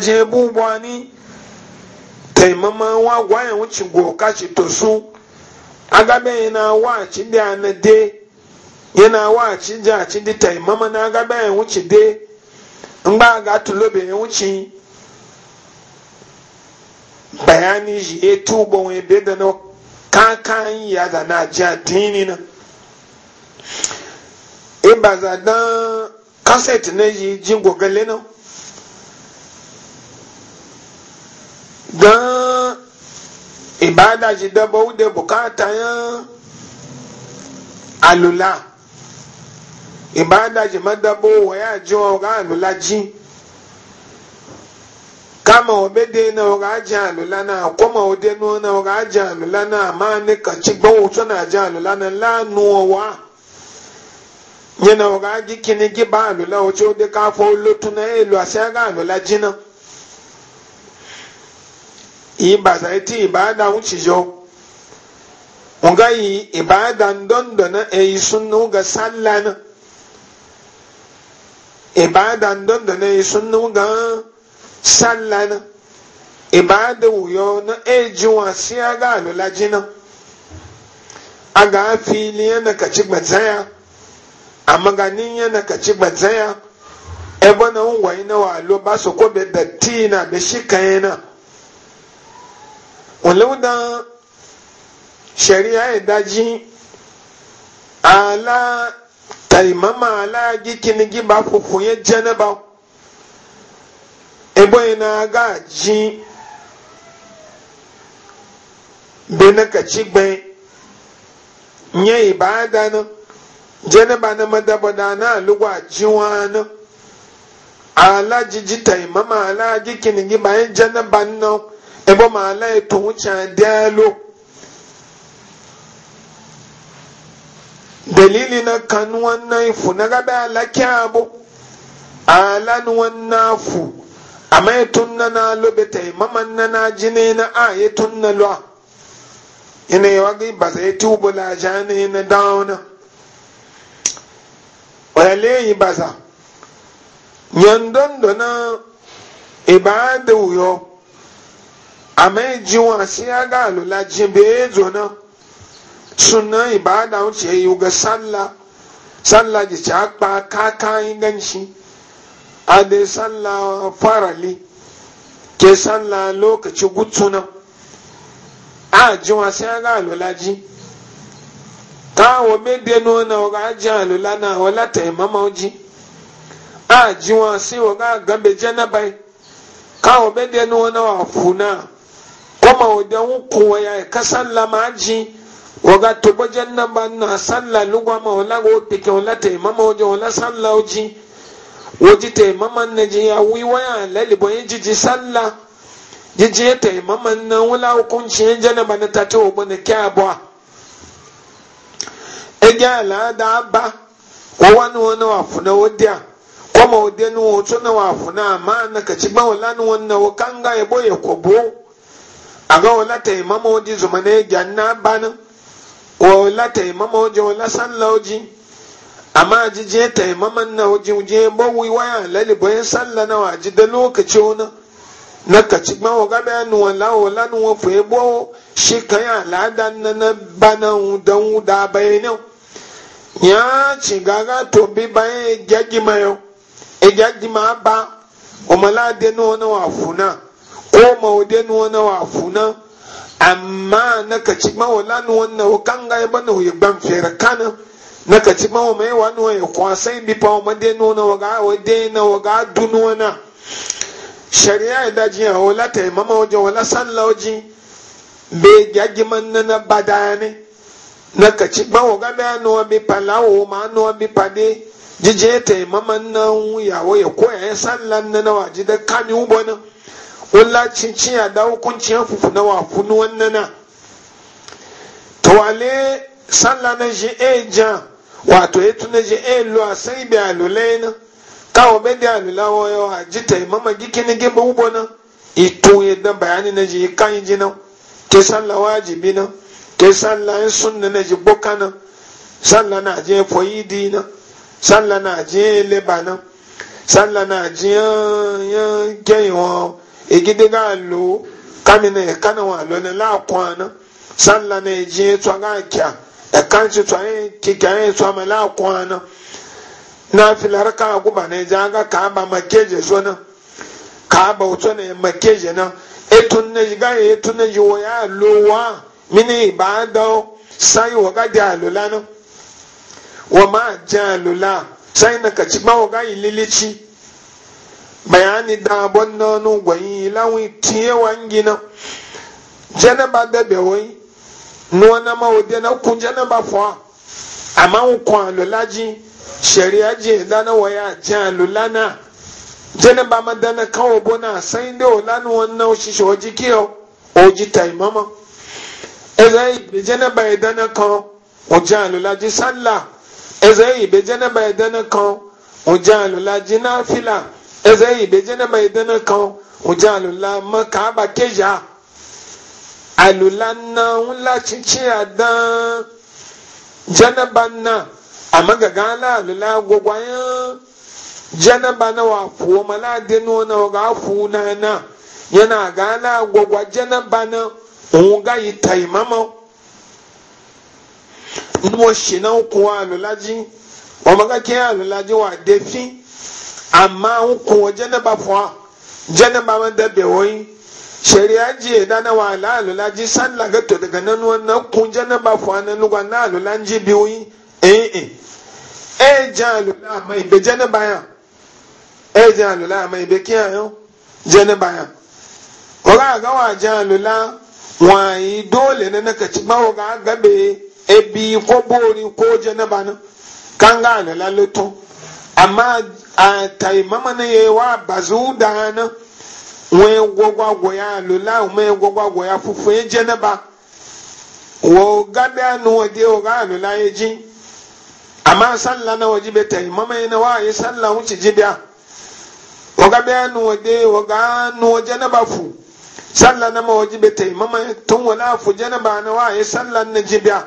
je bubuwa ni taimama wa gwayan wuce goka shi to tosu agabe yana wa ci da na de na wa ci ja ci di taimama na agabe yan wuce de in ba ga tulobe yan wuce bayani shi ya tuba wani be da na kakan ya da na ji addini na in ba za na yi ji gogale na gan ibada ji dabo wude bukata ya. alula ibada ji madabo waya ji oga alula ji kama obede na oga ji alula na kuma ode nu na oga ji alula na ma ne ka ci gbon wuto na ji alula na lanu owa yana oga ji kini gi ba alula ojo de ka fo lotu na elu asiaga alula ji na. ibasa eti ibada wucijo nga yi ibada ndondo na eyi sunnu ga salla na ibada ndondo na eyi sunnu ga salla na ibada wuyo na eji wa si aga alula jina aga fili yana kaci gbatsaya amma ga nin yana kaci zaya ebe na wani na walo ba su ko be datti na be shi kayana walau da shari'a ya daji ala taimama ala gikin giba fufunye janaba ebe na ga ji bene ka ci gbe nye ibada na janaba na madabada na alugwa ajiwa na ala jiji taimama ala gikin giba yin janaba na ɛbɔ ebo maala eto wuchan dialo dalili na kan wannan fu na gaba alaki abu alan wannan fu amma ya tunna na lobe ta maman na na jine na a ya tunna lo ina yi wagi ba zai tubu la jani na dauna wale yi baza yandon na ibada e wuyo amma ji wa shi ya ga alula ji be zo nan sunan ibada wuce yi ga sallah sallah ji ci akpa kakayin ganshi ade sallah farali ke sallah lokaci gutuna a ji wa shi ya ga alula ji káwọn méde ní wọn náà wọn ká na àlùlá náà wọn látẹ̀ mọ́mọ́ jí a jí wọn sí wọn ká gánbẹ jẹ́ náà báyìí káwọn méde ní wọn náà wà fún náà. kɔma o de ŋu kun ya ka sallah maa dzi o ka na sallah lugba ma o la o peke o la te mama o de o la sallah o dzi o dzi te mama na dzi ya wi wa ya lali bɔ ye dzidzi sallah dzidzi ye te mama na o e la o kun tsi na ta te o bɔ ne kɛ a a edze ala da ba o wa ni wɔn na wa funa o a kɔma o wɔn so na wa funa a maa na katsi gba o la ni wɔn na o kan ga ye aga wala taimama waje zuma ne janna bana wala taimama waje wala sallah waje amma jije taimaman na waje waje bawai waya lalibayin sallah na waje da lokaci wani na kaci ma waga bayan nuwa lawo lanuwa fuye bo shi kan ya al'ada na na bana don da bayanin e ya ci gaga to bi bayan gyagima yau e gyagima e ba umalade nuna wa funa ko maude nuwa na wafuna amma na kaci mawala nuwa na wakanga ya na huye ban fere kana na kaci mawa mai wa nuwa ya kwasai bi pa wa de nuwa na waga wade na waga dunuwa na shari'a ya daji ya wala ta imama waje wala sallah waje bai gyagi man na na badane na kaci mawa gada nuwa bi palawo ma nuwa bi pade jije ta imama na ya ya koya ya sallah na na waje da kani ubo na. wala cincin ya dawo kuncin fufu na wa kunu wannan na tawale sallah na je e ja wato ya tuna je e lo a sai bi alulai na kawo bai da alula wayo a ji ta imama gike na gebe ubo na ito ya dan bayani na je kan ji na ke sallah wajibi na ke sallah in sunna na je boka na sallah na je foyidi na sallah na je leba na sallah na je yan yan keyin egide ga lo kami na ɛka na wa lo na la kwan na sanla na egyin etu aga kia ɛka nti tu anyi kiki anyi etu ama la na na afili haraka aguba na egya aga aba makeje so na ka aba otu na makeje na etu na yi ga ya e, etu na yi wo ya lo wa mini ịba da o sai ga di alola na wo ma je alola sai na kaci ma ga yi bayani da bonnonu gwayi lawi tiye wangina janaba da bewai nuwana mawude na ku janaba fwa amma ku alulaji shari'a je dana waya jan alulana janaba madana kawo bona sai da olanu wannan oshisho oji kiyo oji taimama ezai ibe janaba idana kan oji alulaji sallah ezai ibe janaba idana kan oji alulaji na fila eze yi be jene mai dana kan wuje alula ma ka ba keja alula na wula cici adan janaba na amma ga gala alula gwagwayan janaba na wa fuwo mala dinu na ga fu na na yana gala gwagwa janaba na òun ga yi taimama ni mo ṣe na kun alula jí ọmọ kakẹ́ alula jí wa defin. amma an ba janaba fuwa janaba man da bewoyi shari'a ji da na wa ji san laga to daga nan wannan kun janaba fuwa na lugwa na alula ji biyoyi eh eh eh jan ya eh jan yo ya ga wa jan dole ne na kaci bawo ga gabe ko bori ko janaba na kan ga amma a taimama na ya wa bazu da na wọn gwagwagwa ya lula wọn gwagwagwa ya fufu ya je na ba wo gabe anu waje wo ga lula ya ji amma sallah na waje bai taimama ya na wa ya sallah wuce jibiya. wa wo gabe anu waje wo ga anu waje na ba fu sallah na ma waje bai taimama tun wala fu je na ba na wa ya sallah na jibiya.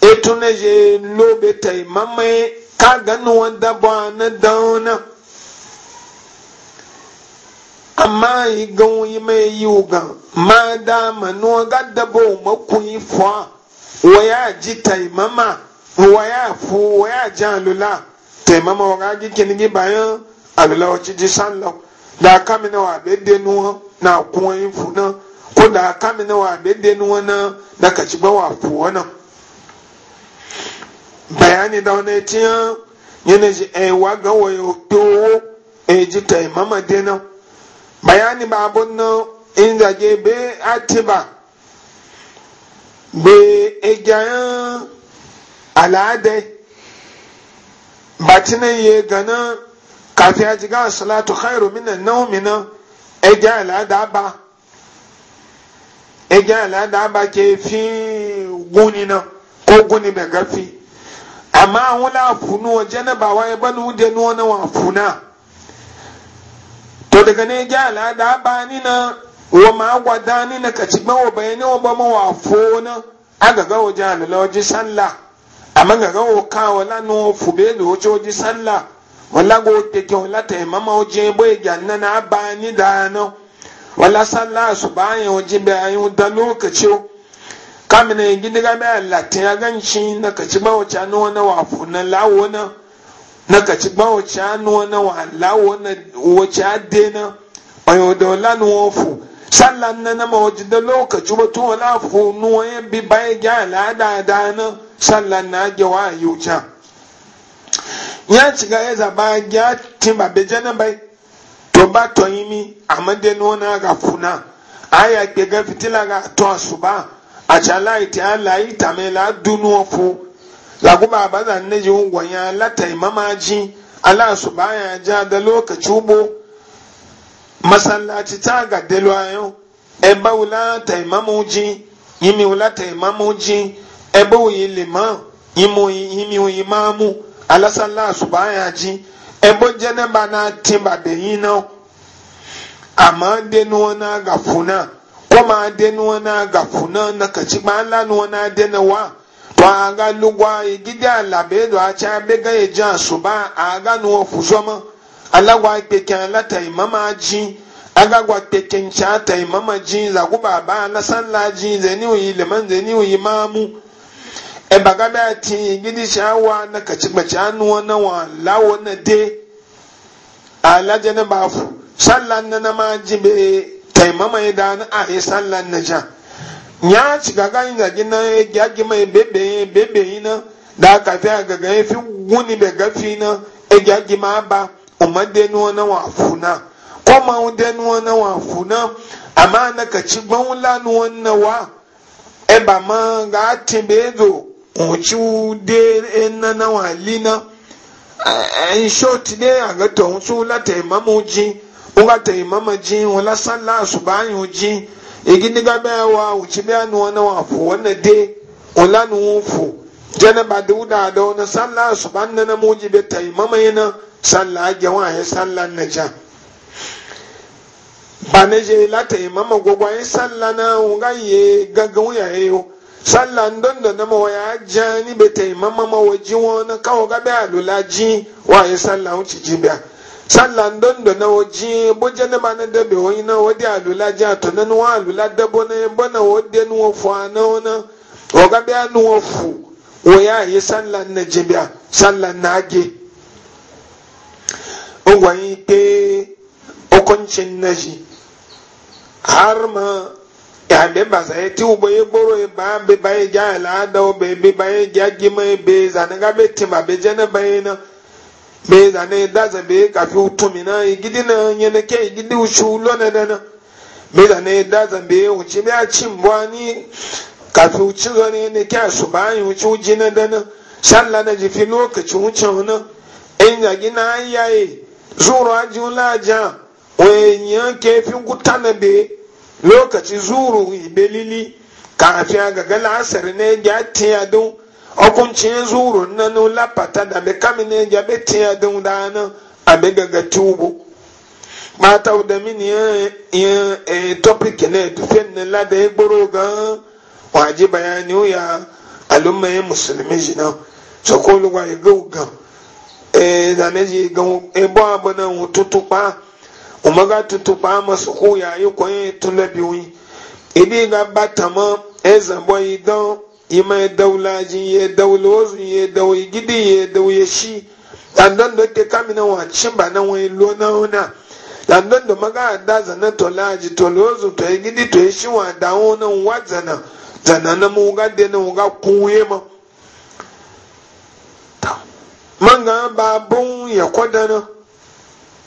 biya etu na je lobe taimama ya ka ganu wanda ba na dauna amma yi gan yi mai yi ugan ma da manu ga dabo yi fa waya ji taimama waya fu waya ji alula taimama waga ji kinigi bayan alula wacce ji sallah da kami na wa bebe nuwa na kuwa yin funa ko da kami na wa bebe nuwa na da ka ci ba wa fu wannan bayani da wani tiya yana ji aiwa eh, ga wayo dowo e ji ta imama dena bayani ba abun nan in zage be atiba be ejayan al'adai batinan ye gana kafi ya ji salatu khairu mina naumina eja al'ada ba eja al'ada ba ke fi guni na ko guni da gafi amma wula funu waje na ba wai ba nude nuna wa afuna to daga ne gyala da ba ni na wa ma gwada ni na kaci ba wa bayani wa ba ma wa fona a ga waje alula waje sallah amma ga ga wa ka wala no fube da waje waje sallah wala go keke wala ta mama waje bai gyanna na ba ni da no wala sallah su bayan waje bayan da lokaci kamina yanzu ni game a latin ya gan shi na kaci ba ci anu wani wafu na lawo na na kaci ba ci anu wani wa lawo na wace ade na bayo da wala ni wofu sallan na nama waje da lokaci ba tun wala fu nuwa ya bi baya gya al'ada da na sallan na age wa yi wuce ya ci ga ya zaba gya ba beje jana bai to ba tun yi mi amma dai wani ga funa yi a ga fitila ga to su ba acalai ti alayi tamela dunuofu laguba abaza neji ngwanya lata imamaji ala su ya ja da lokaci ubo masallaci ta ga delwayo ebe wula imi yimi wula taimamuji ebe wuyi liman yimi wuyi mamu alasalla su baya ji ebe jeneba na timba da yi na amma denuwa na ga kɔma ade noɔ na gako na nakatsi ma ala noɔ na ade na wa to aga lugwa igidi alabe do aga imama imama zaguba aba wa na wa lawo na de aladzɛ ne ba ma taimama ya dani a yi sallan na ja ya ci gaga yin zagi na ya gyagi mai bebeyi bebeyi na da aka fi a gaga ya fi guni da gafi na ya gyagi ma ba umar wafu na wafuna ko ma na wafuna amma na ka ci gbanwu na wa e ba ma ga ti be zo ci de e na na wali na eh, eh, in short ne a ga tawun la taimamu ji nga ta imama jin wala sallah su bayan jin igi niga baya wa wuci baya ni wani wafu wani de wala ni wufu jana ba duda da wani sallah su ban na muji bai ta imama yana sallah ga wani sallah na ja ba na je lata imama gwagwa yin sallah na nga ye gaggan ya yayo sallah don da nama waya ja ni bai ta imama ma waji wani kawo ga baya lula ji wa yin sallah wuci ji baya sala ndondo na waje buje na ma na dabe wani na wadi alula ja to na nuwa alula dabo na yin bana wadi nuwa fuwa na wana waga biya nuwa fu waya yi sallah na jibiya sallah na age ungwayi pe hukuncin na ji har ma ya be ba sa ti ubo ye gboro ba be ba ye ja ala da o be be ba ye ja gima ye be zanaga be timba be jana ba ye na be da ne da za be ka fi utumi na igidi na nye ne ke igidi uchu ulo ne ne e, na be da ne da za be uchi be a chi mbwa ni ka fi uchi zo ne ne ke asu ba yi uchi uji na da na shalla na ji fi lokaci wucin na in ga gina yayi zuru aji ulaja wenyan ke fi guta na be lokaci zuru ibelili kafin a gagala asari ne ya tiya don hukuncin zuru na nula pata da bai kami ne ya bai tiya don dana a bai gaga tubu mata da mini ya topic ne tufen na lada ya gboro ga waje bayani ya alumma ya musulmi jina sakolu wa ya gau ga eh, na ji ga ebo abu na tutupa umaga tutupa masu ko ya yi kwaye tulabiwi idi ga batama ezambo idan ima daulaji ye daulozu ye dawi gidi ya dawi shi dandan da ke kamina wa cin ba na wani lona wana dandan da maga da zana to laji to lozu to ye gidi to ye shi wa da wani wa zana zana na mu ga de na ga kuwe ma ba bun ya kwadana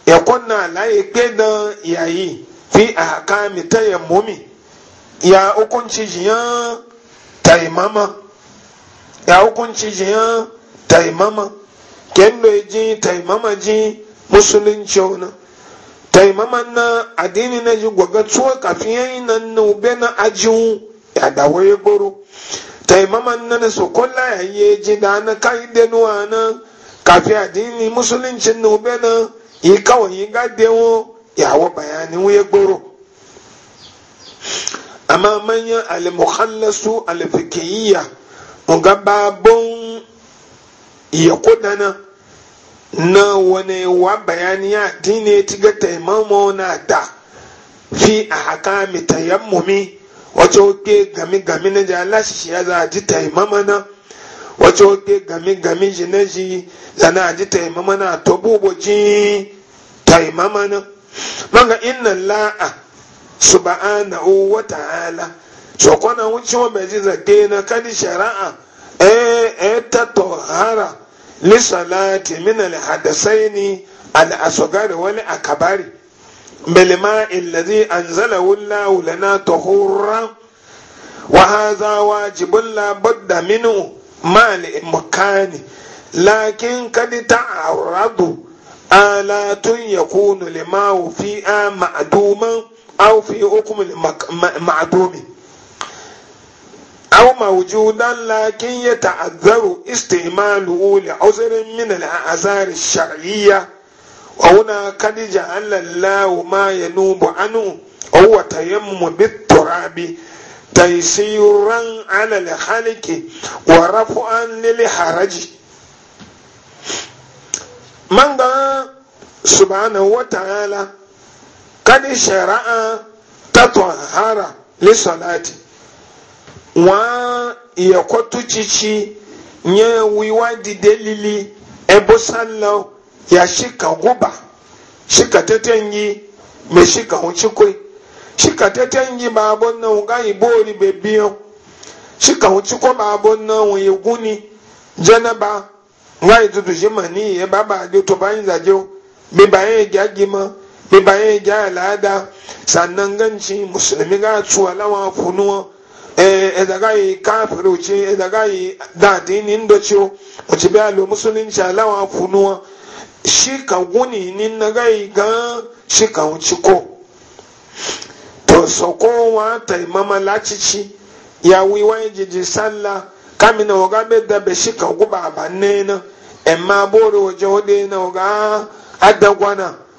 ya kwanna la ya kedan yayi fi a kami ta ya mumi ya hukunci jiyan taimama ya hukunci tai taimama kendo ji taimama ji musulunci wani taimama na adini na ji gwaga tuwa kafin yayi nan na ube na ajiwu ya dawo ya goro taimama na na sokola ya yi ji da na kai denuwa na kafin addini musulunci na ube na yi kawai yi gadewo yawo bayanin ya goro amma manyan almuhallasu alifikiyya ga babon ya kudana na wani wa bayani ya dine tiga taimamo na da fi a haka mi tayammumi wace oke gami gami na jala shi ya za ji taimama na wace oke gami gami shi na shi zana ji taimama na to ji taimama na manga inna la'a subhanahu wa ta'ala so kwana wuce wa mai jiza na kadi shari'a eh ta tohara li salati min al hadasaini al asghar wal akbari bil ma'i alladhi anzalahu lana tahurra wa hadha wajibun la budda minhu ma al imkani lakin kadi ta'arradu alatun yakunu limau fi'a ma'duman au fi hukumu ma'adumi au mawujudan lakin ya ta'azzaru istimalu ule auzirin mina da a zari shari'a wa wuna kadija an ma ya nubu anu a wata yamma bittura bi ta yi siyuran alali halike wa rafu an nili haraji manga subhanahu wa ta'ala kadi shari'a ta tuhara li salati wa iya kwatu cici lili ebo sallau ya shika guba shika teten yi me shika huncikwai shika teten yi ba abon nan ga ibori be biyo shika huncikwa ba abon nan ya guni janaba ga ya baba adi to bayan ma bi bayan ya al'ada sannan ganci musulmi ga cuwa lawa kunuwa e daga yi kafiru ce e daga yi dadini ndo ce wace bi alo musulunci alawa kunuwa shi ka guni ni na ga yi gan shi ka wuci ko to soko wa taimama lacici ya wiwa jiji sallah kamina waga be dabe shi ka guba ba ne na emma boro waje wade na waga adagwana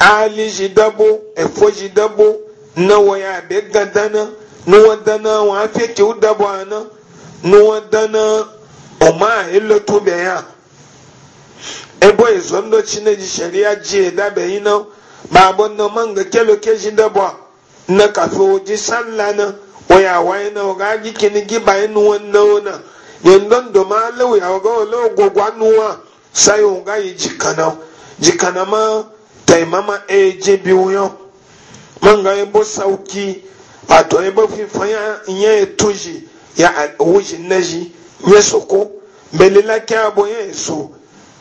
ali shi dabo efo shi dabo na waya be gadana nuwa dana wa afi ki u dabo ana nuwa dana o ma ilo e to ya ebo izo e ndo chine ji sharia ji e da be na, ba na no manga kelo ke shi dabo na kafu ji na, waya waya na ga gi kini gi ba inu wanda wona yendon do ma lewu ya ga lewu gogwa nuwa sai unga yi jikana jikana ma taimama eje eh, biyu man ga yabo sauki wato yabo fifanya nye tuji ya wuji naji nye soko belila kyabo ya so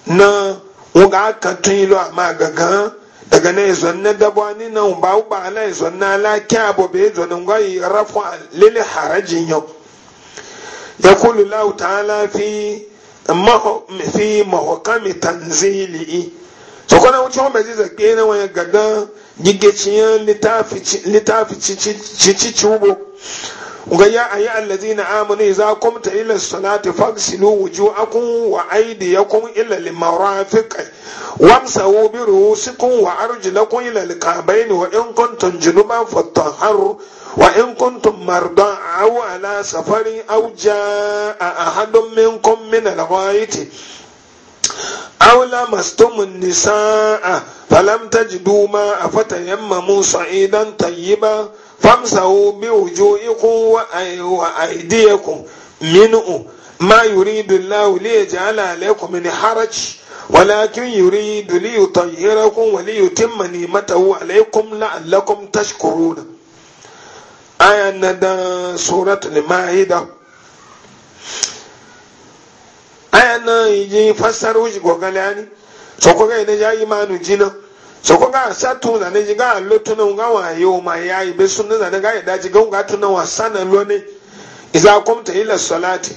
na wuga aka tun a amma gaga daga na izo na dabo ni na ba ba ala izo na ala kyabo be izo na ngwayi rafu lili harajin yau يقول الله تعالى في في محكم تنزيله sokɔ na wotsɔ bɛ sisan kpee na wɔnyɛ gangan gigetsiɛ litaafi tsitsitsiwo bo nga ya ayi alladina amanu iza kumta ila salati fagsilu wujuhakum wa aydiyakum ila limarafiq wamsahu bi ru'usikum wa arjulakum ila alka'bayn wa in kuntum junuban fatahharu wa in kuntum marda aw ala safarin auja a ahadun minkum min al-ghaayati aula mastumun nisa'a falam tajidu ma a yi ba tayyiba famsahu bi wujuhikum wa aydiyakum minhu ma yuridu Allahu li yaj'ala alaykum min haraj ولكن يريد ليطهركم وليتم نعمته عليكم لعلكم تشكرون آية ندى سورة المائدة aya nan yi fasar wuce gogale ani so ko ga ina ya yi manu jina so ko ga sa tun da ne ga lo tun ga wa yo ma ya yi be sunna da ga da daji ga ga tun wa sana lo ne iza kumta ila salati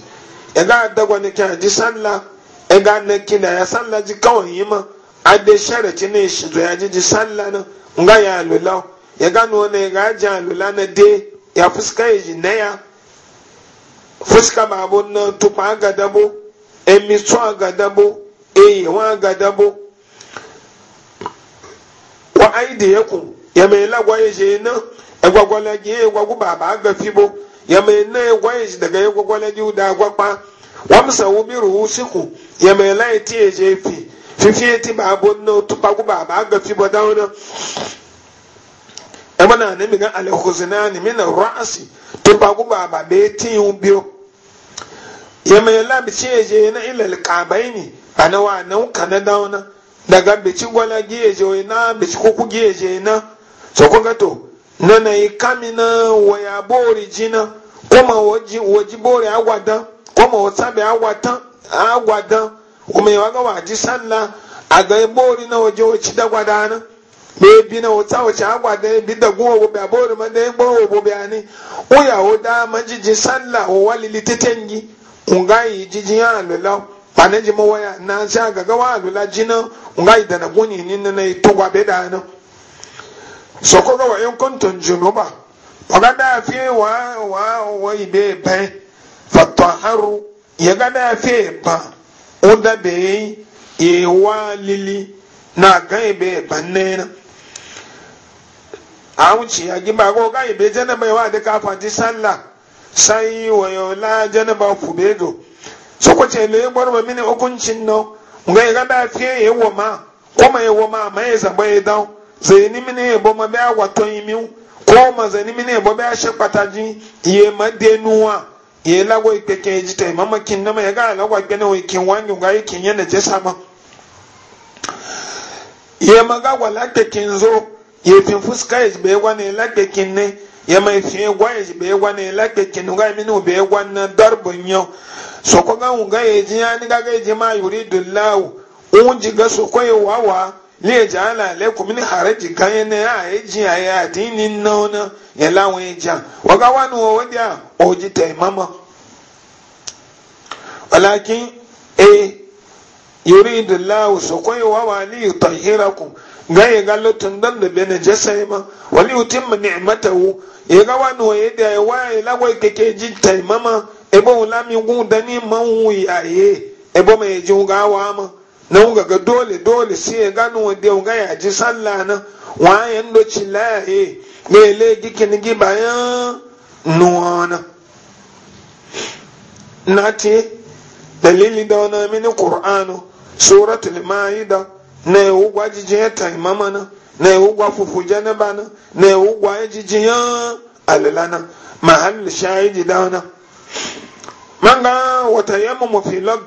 e ga da gwa ne ka ji sallah e ga ne na ya sallah ji kawai ma ade sharati ne shi to ya ji ji sallah na nga ya lulaw ya e ga no ne ga ja lula na de ya fuska yi e ne ya fuska ma bon na tupa ga dabo emi tún agadabo eyi wọn agadabo wọn ayidi yẹkun yẹmẹ yẹn lagwa yẹn ṣe yẹn agafibo yẹmẹ yẹn náà ẹgwa ṣe dàgẹ ẹgwagwalẹji wò agbapa wọn sọ wọn bí ruhu síkù yẹmẹ yẹn láyé tí ṣe fi fífi agafibo dáhùn náà ẹgbẹ́ náà ní mi gan alẹ́ kòsínà ni mi nà rọ́ọ̀sì tupagu bẹ́ẹ̀ tí ń bí o. ya mai labishe je na ilal kabai ne a na wa nan na dauna daga bici gwala giye je na bici kuku giye je na so kuka to na na yi kami na waya bori jina kuma waji bori agwadan kuma wasabi agwatan agwadan kuma yawa ga waji salla a ga bori na waje waci da gwada na bebi na wata wace agwada ya bi da guwa wo abori ma da ya gbawo bo bayani uya wo da majiji sallah wo walili tetengi nga yi jijin ya alula bana ji na sa gaga wa alula jina nga yi dana guni ni na na itogwa beda na soko ga wayan kontun junuba waga da fi wa wa wa ibe be haru ya ga da fi ba o da be yi wa lili na ga ibe banne na awuci ya gi ba go ga ibe jana mai wa da ka fati sallah sai wayo la janaba kubedo soko ce le gbar e ba mini hukuncin no ngai ga da fiye yewo ma kuma yewo ma ma ya e zaba ya e dawo zai ni mini yebo ma ba wato yimi ko ma zai ni mini yebo ba shi pataji ye ma denuwa ye lago ikeke ji tai mama kin na ma ya ga lago gane wai kin wangi ngai kin yana je sama ye ma ga wala kekin zo ye fin fuska ya be gwane la kekin ne yama ifi egwa eji be gwa na ila keke nuga imini ube egwa na darbu nyo so ko ga unga eji ya ni gaga eji ma yuri dullahu ji ga so ko ye wawa ni eji ala alaikum min haraji kan ne ya eji aya adini nona ya lawon eja waga wanu o wadi a oji te mama walakin e yuri dullahu so ko ye wawa li yutahhirakum nga ye ga lotun dan da bene jasa ma wali utim ni'matahu ya ga wani wa yadda ya wa la wai keke ji taimama ebo wala gun dani man ya ye ebo mai ji ga wa ma na ga ga dole dole sai ya ga no de ga ya ji sallah na wa ya ndo ci la ye gikin gi bayan nuwana nati dalili da wani mini qur'anu suratul ma'ida na ewugwa jijin ya taimama na na ewugwa fufu janaba na na ewugwa ya jijin ya alila na mahal shahidi da na manga wata yamma mafilog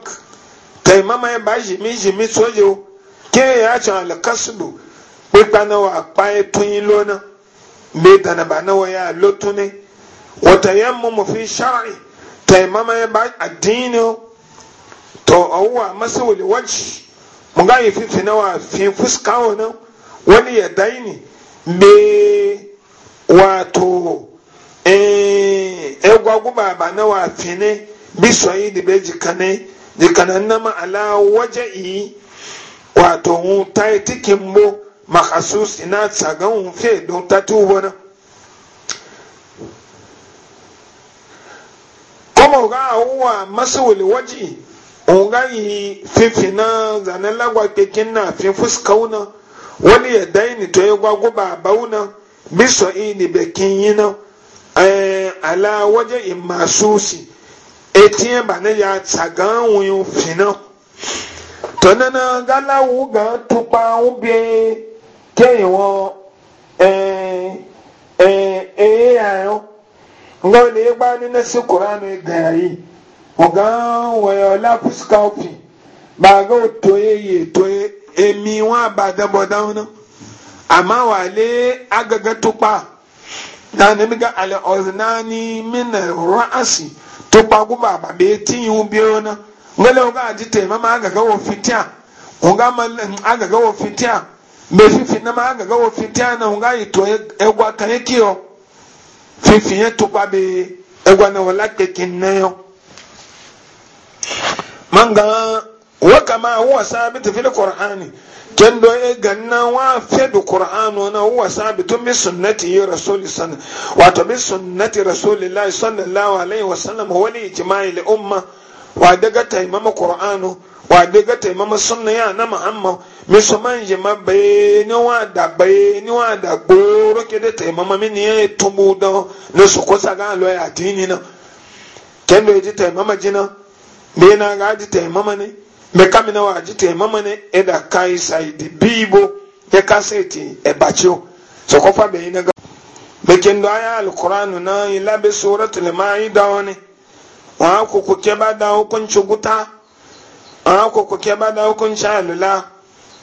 taimama ya ba jimi jimi sojo ke ya ci alkasudu pípa náà wà pa ẹtún yín lónà bí dànàbà náà wọ̀ yá lótún ni wọ́tà yẹn mú mọ̀ fi ṣáàrì tẹ̀ mọ́mọ́ ba bá to ni ó tọ̀ ọ̀wọ́ àmọ́sẹ̀wòlè mun ga fifi na wa fi fuska wannan wani ya daini be wato eh egwagu baba na wa fini bi soyi di be jikane jikana nama ala waje wato hun ta yi tikin makasus ina tsagan hun fe don ta tubo na kuma ga awuwa masu wuli waje nga yi fifina zane lagwa kekin na fi fuskauna wani ya daini to ya gwagu bauna biso ini bekin yina na eh, ala waje imasu si eti ba na ya tsaga wuyin fina to na na gala wu ga tupa ubi kewa ee eh, eh, yayo nga wani ya gbani na si kuranu yi ọ̀gán wọ̀nyọ̀ lápùsíkáọ̀pì bàgá òtòyè yètòyè èmi wọn àbàdàbọ̀dáwọn náà àmà wà lé agagẹ́ tó pa náà níbi ká àlẹ́ ọ̀dùnáni mínà rọ́ọ̀sì tó pa gúbà bàbá etí yìí bí ó ná ngọ́lẹ́ ọ̀gá àti tẹ̀ mọ́mọ́ agagẹ́ wọ̀ fitia kan ọ keke man manga wa kama huwa sabit fil qur'ani kendo e ganna wa fedu qur'ano na huwa sabitun bi sunnati rasul sallallahu wato bi sunnati rasulillahi sallallahu alaihi wasallam wa li ijma'i li umma wa daga taimama qur'ano wa daga taimama sunna ya na muhammad mi so man je ma be ni wa da be ni wa da gboro kede taimama mi ni e tumbu do no so ko saga lo ya dini na kendo e je taimama jina bee na ga aji taimama ne mɛ kami na wa aji taimama ne ɛda kan saidi biibo yɛ kasɛti ɛbakyio sɔkɔfa bɛyi na ga bɛkɛ ndo aya alukoranu na yi labe sora tulema yi da wani wɔn akoko kɛba da hukunci guta wɔn akoko kɛba da hukunci alula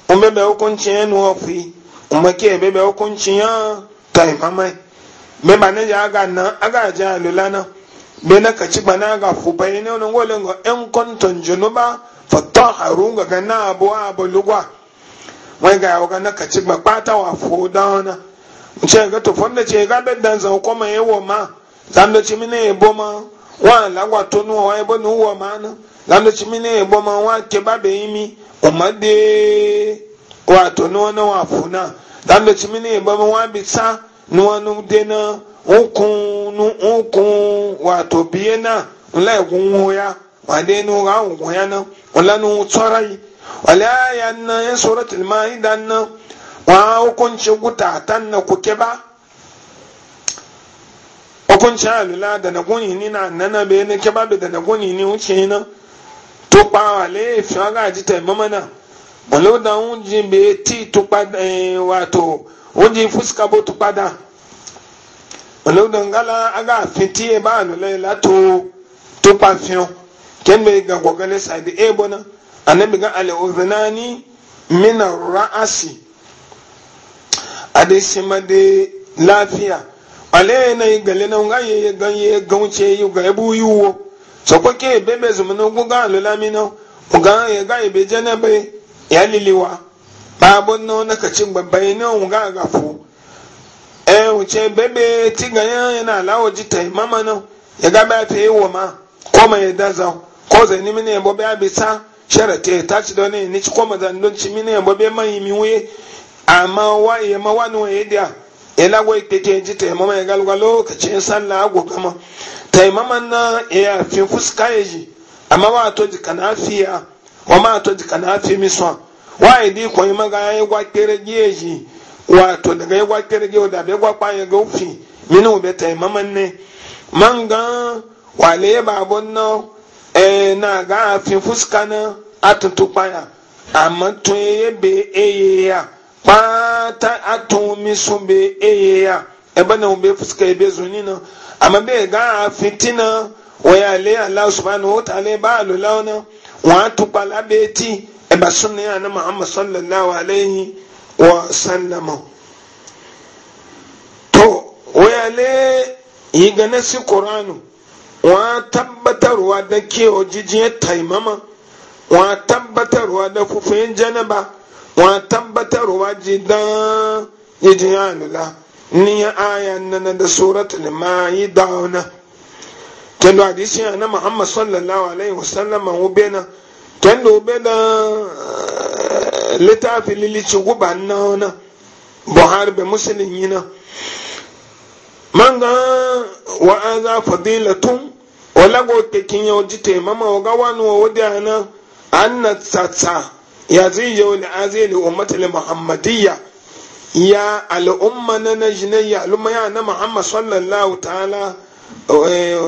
wɔn bɛ bɛ hukunci yɛn nu ɔfi wɔn bɛ kɛ bɛ bɛ hukunci yɛn taimama yi mɛ ba ne yɛ aga na aga aji alula na. bena ka ci bana ga fubai ne non wala ga en konton junuba fataharu ga na abu abu lugwa wai ga ga na ka ci ba pata wa fu dauna ce ga to fonda ce ga beddan zan kuma yewo ma e zan da ci mine yebo ma wa lagwa to nu wa yebo nu wa ma na zan da ci mine yebo ma wa ke ba be yimi o ma de wa to nu na wa fu na zan da ci mine yebo ma wa bi sa nu wa nu de na nkun nu wato biye na nla egun woya wade nu ga nkun ya na wala nu tsara yi wala ya na ya suratul maida na wa hukunci guta ta na kuke ba hukunci alula da na guni ni na nana be na ke ba be da na guni ni wuce na to pa wale fi aga ji ta mama na wala da un ji ti to pa eh, wato un ji fuska bo olódongala aga fiti ebe anu lẹ lato tukpa fiọ kẹmẹ gagọgẹlẹ sàbí ebo na anabiga alẹ ovinani mina ra'asi adesimade lafiya ale na igale na nga ye gan ga gan che yu ga ebu yu wo so ko ke bebe zumu no guga lo la mi no nga ye ga ibe jana be ya liliwa ba bon no na kacin babbai no nga ga fu wuce bebe ti ya na lawo ji ta mama nan ya ga ba ta yi ma ko mai da za ko zai ni mini yabo ba bi ta sharate ta ci da na ni ci ko mazan don ci mini yabo ba mai mi wuye ama wa ya ma wani wa ya da ya lawo ya keke ji ta mama ya galwa lokacin sallah ago kama ta mama na ya fi fuska ya ji ama wa to ji kana ya. wa ma to ji kana afi mi so wa ya di ko yi maga ya gwa kere ji ya wato daga ya gwakere da be gwakwa ya ga ufi minu be ta maman ne man ga wale ba bonno e na ga afin fuska na atutu paya amma to ye be eye ya pata atun mi sun be eye ya e bana be fuska e zuni na amma be ga afin tina waya le Allah subhanahu wa ta'ala ba na. wa tukala beti e sunna ya na Muhammad sallallahu alaihi wa sallama to wayale yi gane si qur'anu wa tabbatarwa da kewa jijiyar taimama wa tabbatarwa da kufin janaba wa tabbatarwa jidan jijiyar nula ni ayan nan da suratul ma'ida dauna kendo hadisi na muhammad sallallahu alaihi wasallam ubena kendo ubena littafi lilici guba na wani buhari bai musulun yi na man ga wa'aza fadilatun walago tekin yau ji taimama wa gawa wa wadda na an na tsatsa ya zai yau da azai ummatul muhammadiyya ya al'umma na na najinayya al'umma na muhammad sallallahu ta'ala eh,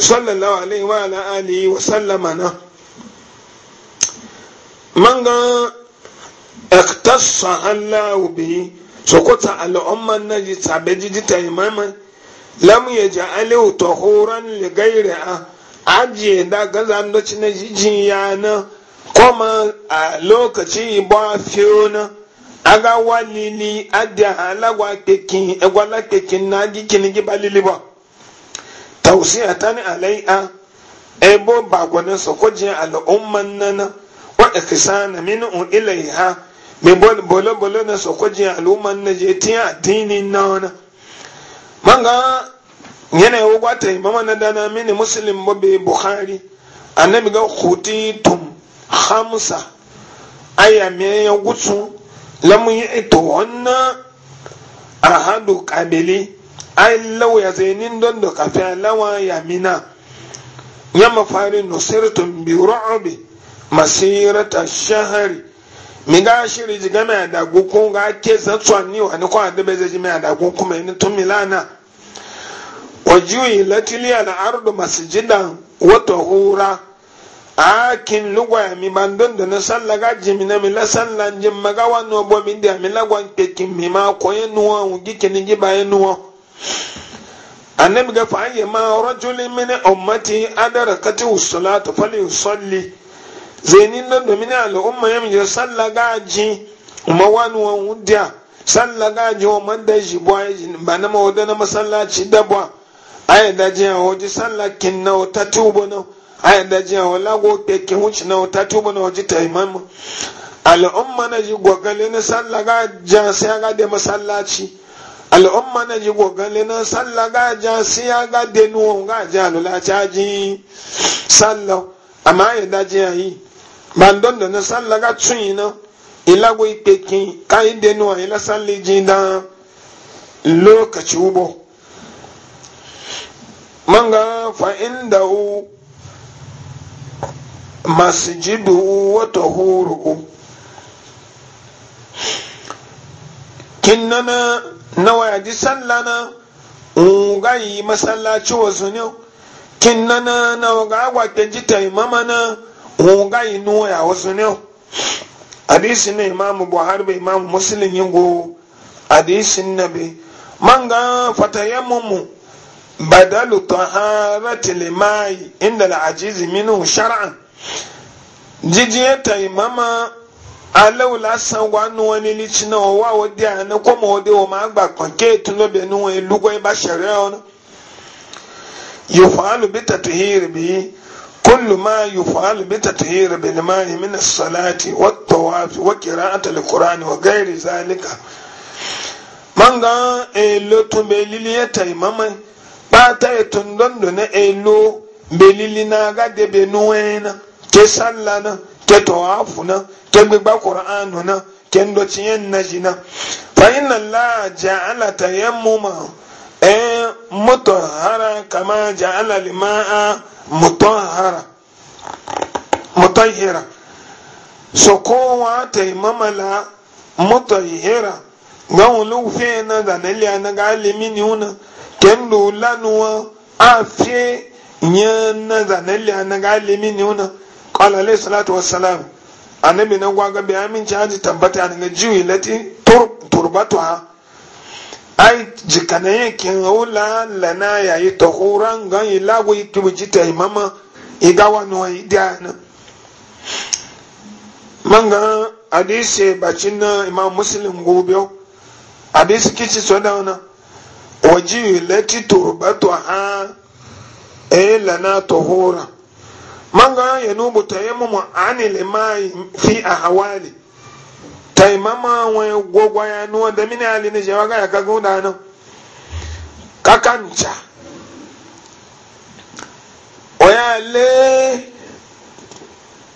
sallallahu alaihi wa alihi wa sallama na manga اختص الله به سقط الأمة النجي تعبدي تيماما لم يجعله طهورا لغيرها ajiye da gaza ndoci na jijin yana kuma a lokaci ba fiona aga walili adda alagwa kekin egwala kekin na gikin giba lili ba tausiyatan alai'a ebo bagwanin sokojin al'umman mai bolo-bolo na sokojin al'umman na je tiya addinin na wani manga yana yi gwata yi mama na dana mini musulun babe bukhari annabi ga tun hamsa aya me ya gutsu lamun yi ito wannan arhadu kabili ai lauya zainin don da kafin ya mina ya mafari nusirtum bi ru'ubi masirata shahari mi ga shiri jiga mai da kun ga ke zatsuwan ni wani kwa da bai zai da adagun kuma ni tun milana wajiyoyi latili ala ardu masjidan wata hura a kin lugwa ya mi bandon da na salla ga jimi na mi la salla jim maga wani obo mi da mi lagwan kekin mi ma koye nuwa wugi kini giba ya nuwa annabi ga fa'ayya rajulin mini ummati adara kati salatu fali yusalli zainin nan domin al'umma ya mijin sallagaji mawani wa wudiya sallagaji wa manda shi ba na mawada na masallaci dabwa aya da jiya ji sallakin na ta tubo na aya da jiya wa lago keke wuce na ta tubo na hoji ta imamu al'umma na ji gwagale na sallagaji sai ga da masallaci al'umma na ji gogale na sallah gaja si ya ga denu gaja lula caji sallah amma ya daji yayi bandon da na salla e ga na ila go ka ide no ila e salli jin da lokaci ubo manga fa inda u masjidu huru. tahuru kinnana nawaya di sallana nga yi masallaci wasu ne kinnana na ga agwa ke jita na. wọn ga yi nuwa ya wasu ne hadisi na imamu buhari bai imamu muslim yin go hadisin na bi man ga fatayammumu badalu taharati limayi inda al'ajizi minhu shar'an jijiye ta imama alau lasan wa nuwa ni lichi na wa wa di ana ko mo de ma gba kan ke tun lo be nuwa ilugo e ba shari'a ona yufalu bi tathir bi كل ما يفعل بتطهير بالماء من الصلاة والطواف وقراءة القرآن وغير ذلك من قال إلو تبليلية تيمم باتا يتندن إلو بليلنا غد بنوين كسلنا كتوافنا كبقى قرآننا كندوتين نجنا فإن الله جعل تيمم مطهرا كما جعل الماء mutahara soko so kowa ta yi mamala mutahira ga wulu fiye na da na na ga alimi ni wuna ken lula nuwa a fiye nye na da na na ga alimi ni wuna kala alayhi salatu wassalam anabi na gwaga bi aminci haji tabbata ne ga jiwi lati turbatu ha ai jikana yankin haula lana yayi tahuran gan ilago ikibiji ta imama igawa nuwa idana manga hadisi bacin na imam muslim gobe hadisi kici so da wana waji lati turbatu ha e eh lana tahura manga yanubu tayammu anil mai fi ahwali taimama wani gogwa ya nuwa da mini hali na shewa gaya ka gauda nan kakanca oya le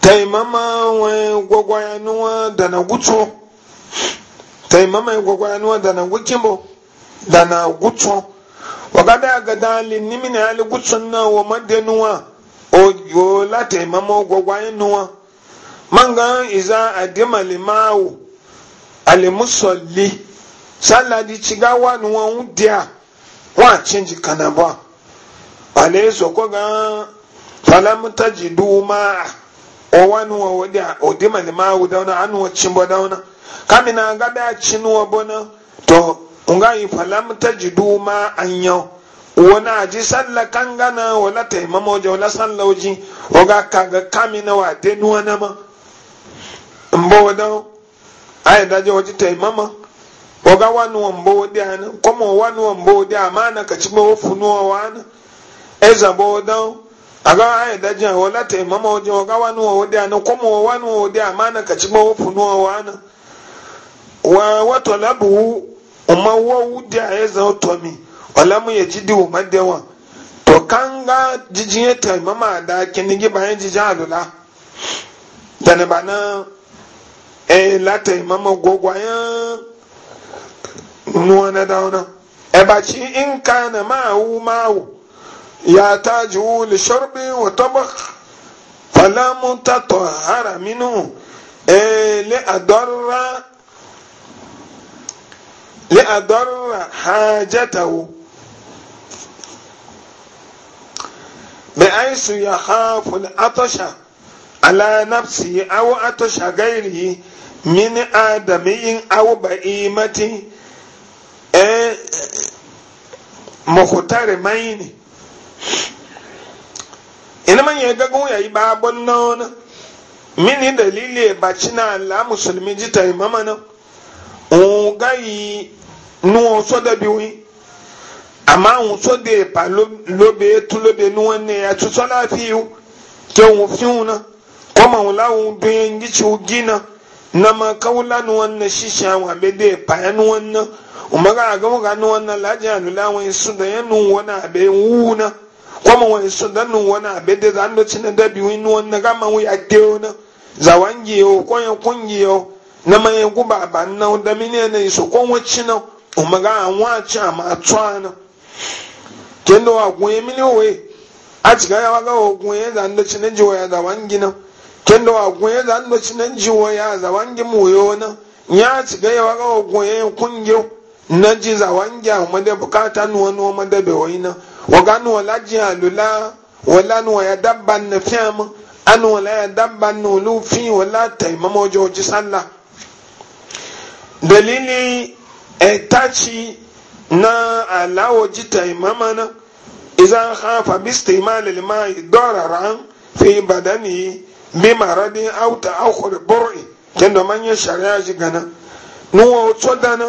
taimama wani gogwa ya nuwa da na gutu taimama wani gogwa ya nuwa da na gukimbo da na gutu wakada ga dali ni mini hali gutsun na wa madenuwa o yo la taimama gogwa ya nuwa manga iza adimali mawu alimusɔli saladi tsiga wa nu wɔn ŋu dia wɔn atsɛnji kana bɔ ale sɔkɔ gan palamutaji duwu maa wɔn wa nu wɔn wɔ dia odi ma ne ma wo dawɔ na anu wɔ tsi bɔ dawɔ kamina aga bɛ atsi nu wɔ bɔ tɔ nga yi palamutaji duwu maa anyɔ wɔn a dzi salila kanga na wɔn la tɛ mɔmɔ dza wɔn la salila wo dzi ga kaga kamina wa de nuwa na n bɔ wɔ dawɔ. ayi dajo waji tai mama waga wani wambo wadi ana kuma wani wambo wadi amana ka cima wa funuwa wani ai zabo wadan aga mama wani wadi ana kuma wani wadi amana ka cima wa funuwa wani wa wato labu umma wa a ayi zan tomi wala mu ya jidi umma dewa to kanga jijiye tai mama alula e lata imama gogwa ya nuwa na dauna e ba ci in ka na ma'awu ma'awu ya ta jiwu li sharbi wa tabak falamu ta tohara minu e li adarra li adarra hajatawu bi aisu ya khafu al-atasha ala nafsi awo ato shagairi min adamiyin aw ba'imati e mokotare maini ina man yaga gun yayi babon non mini dalili ba china la musulmi ji imama na un gayi nu so da biwi amma un so de pa lobe tu lobe nu ne ya tu so la fiu ke un fiu na kɔma wula wo dun nditsi wo na nama kawula nu na shisha wɔn abe de paya nu na umaga agawo ga nu wɔn na laaji alula su da yɛn na abe wu na kɔma wɔn su da nu na abe de za na dabi nu wɔn na gama ya na za wɔn yi o na na so na ama ato ana kendo agun emini oye akyika na gye wɔ kendo agwaye zan ndo cinan jiwo ya za mu muyo na ya ci ga yawa ga agwaye kungiyo na ji zawangi a a da bukata nuwa nuwa mada bewai na waga nuwa laji halula wala nuwa ya dabban na fiyam an wala ya dabban na ulufi wala taimama ji sallah dalili e tachi na alawo ji taimama na idan khafa bistimal istimal al ma'i dararan fi badani bimaradin auta akhur bur'i kendo manye shari'a ji gana nuwa otu dana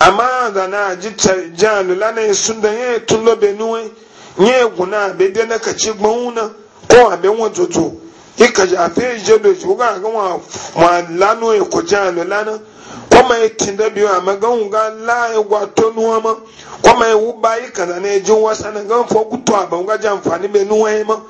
amma da na ji janu lana sun da ye tun lo benuwe nye guna be de na kaci gbona ko abe won toto ika ja fe je do ju ga ga wa ma lanu e ko janu lana ko mai tinda biyo amma ga un ga la e gwa nuwa ma ko mai wuba ika da ne ji wasa na ga fo gutu aba ga jan fani benuwe ma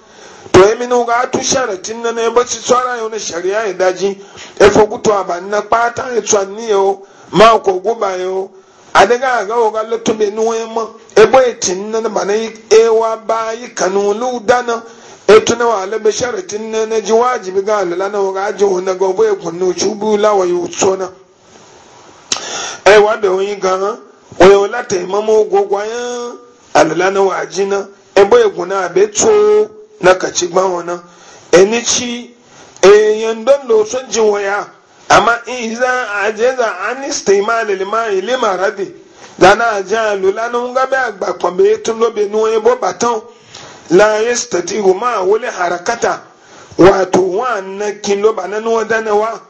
to yi minu e e e ga tu sharatin na ne bacci tsara yau na shari'a ya daji ya fa gutu a ban na kpata ya tsanni yau ma ko guba yau a daga ga o ga lutu be nu yin ebo e bo itin na ba na ewa ba yi kanu lu dana e tuna wa le be sharatin na na ji wajibi ga lala na o ga ji ho na go bo e kunu chubu la wa yu tsona e wa be yin ga o yo lati mamu gogwa yan alala na wa ji na ebo e na be tso na kaci gban wani eni ci eyan don da sun ji waya amma in za a je za a ni stima da limari lima rabi da na je a lula na nga gabe agba kwambe tun lobe ni wani bo batan la ya stati huma wuli harakata wato wa na kin loba na nuwa danawa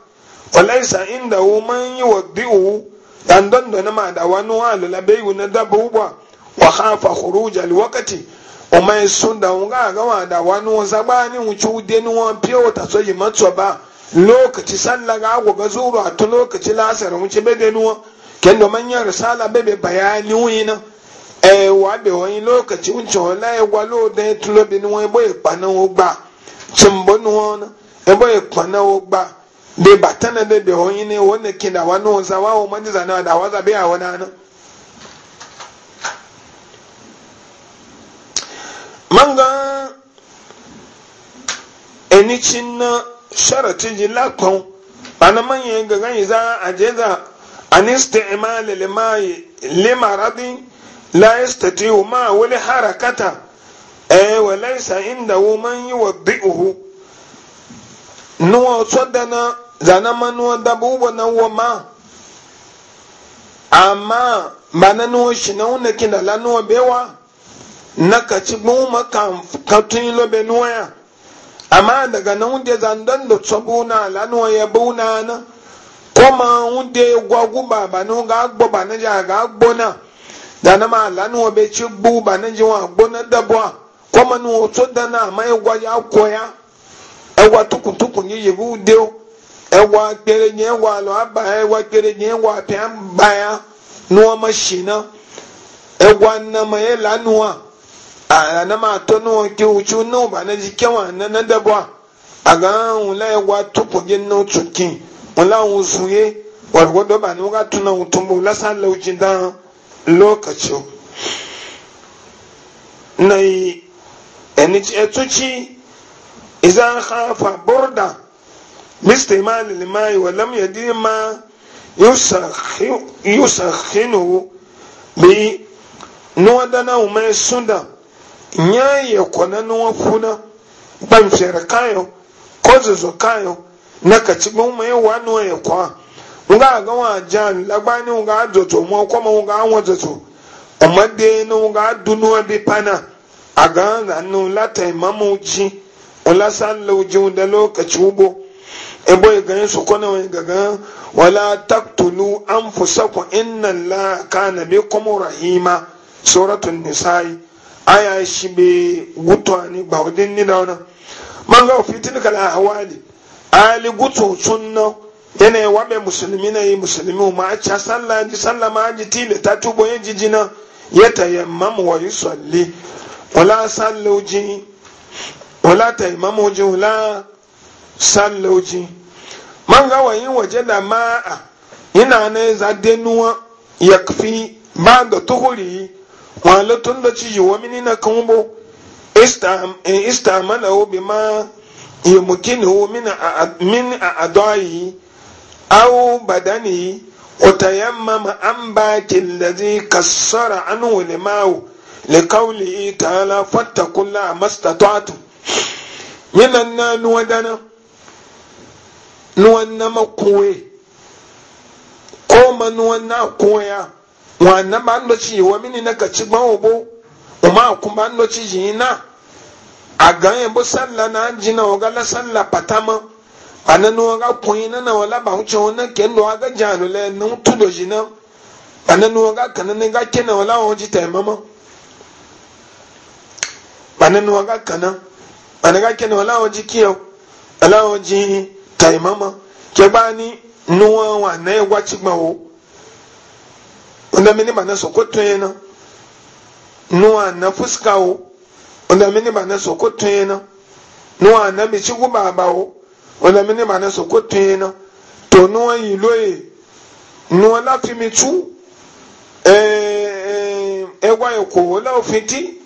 walaisa inda wu man yi wa di'u dan don da na ma da wani wa lula bai yi na dabo wa wa hafa khuruja alwakati oman sun da wunga a gama da wani wasa ba ni wuce wude ni wani fiye wata so yi matso ba lokaci sallah ga agwa ga a tun lokaci lasar wuce bebe nuwa ken da manyan risala bebe bayani wuyi e, e, e, na eh wa be wani lokaci wuce wala ya gwalo da ya tulo bi nuwa ebo ya kpana gba na ebo ya kpana wo gba ne wa wani zana da manga eni cinna sharati ji lakon ana manya ga ganye za a je za an isti'mal li mai li maradi la yastati'u ma wani harakata eh wa laysa indahu man yuwaddihu nuwa tsadana zana manuwa dabubu na wa ma amma ba na nuwa shi na kina da lanuwa bewa na ka nakaci gboma katun lobe nuwaya amma daga nan wunde zandon da tsabuna lanuwa ya buna na kuma wunde gwagu ba ba nu ga agbo ba na ja ga agbo na da na ma lanuwa be ci bu ba na ji wa agbo na dabwa kuma nu oto da na ma e gwa ya koya egwa tukutuku ni yebu deo egwa kere ni egwa lo aba egwa kere ni ewa pe an baya nuwa ma shina egwa na ma e lanuwa a na ma to nuwa ki wucu nuwa ba na ji kyawa na na dabwa a ga wula ya gwa tupu gin na tuki wula wusu ye wargwado ba ni wuka tuna wutun bu wula sa lauji da lokaci na yi etuci idan hafa burda mr imani limayi walam ya di ma yusakhinu bi nuwa dana umar nyaye kɔna ne wa funa banfɛrɛ kaayɔ kayo kaayɔ na kati bɛ wɔn yɛ wa ne wa yɛ kɔn a nga aga wɔn agyan lagbaa ne wɔn ga adɔtɔ wɔn kɔma wɔn ga awɔ dɔtɔ wɔn den ne wɔn ga adu ne bi pana lata mamu ji wɔn lasa lew ji wɔn da lokaci wo bo ebo yi ganyi so kɔna wɔn gaga wala taktulu anfusakun inna la kana bi rahima suratul nisa'i. aya shi be gutwani gbawdin ni dauna man ga fitin kala hawali ali gutu sunna yana wabe musulmi na yi musulmi ma a sallah ji sallah ma ji tile ta tubo ya jijina ya tayammam wa yusalli wala salloji wala taimamu ji wala salloji man ga wayi waje da ma'a ina ne za denuwa yakfi ba da tuhuri wala tun da ci yi wani na kan bo istamala e obi ma min a yamma ma an bakin da zai kassara an wani fatta kula a masta tatu nuwan na makowe ko ma nuwan na koya wọn nà bá ń lọ́tí yìí wọ́n mi nìyẹn kàtí gbọ́n wò bó wọ́n máa kú bá ń lọ́tí yìí na àgàn yẹn bó sálà náà jìnnà wọ́n na sálà pàtà mọ́ ànánú wọn ká kún yín na wọ́n lábàá ń tiẹ̀ na náà kẹ́ ń lọ ke na jẹ́ àná lẹ́ ní ń tó lòjì náà ànánú wọn ká gake na ká kẹ́ oji wanda mini ba na sokoto yana nuwa na o wanda mini ba na sokoto yana nuwa na mici guba o wanda mini ba na sokoto yana to nuwa yi loye nuwa lafi mitu ẹgwa eh, eh, ẹkọ wọlé òfin tí.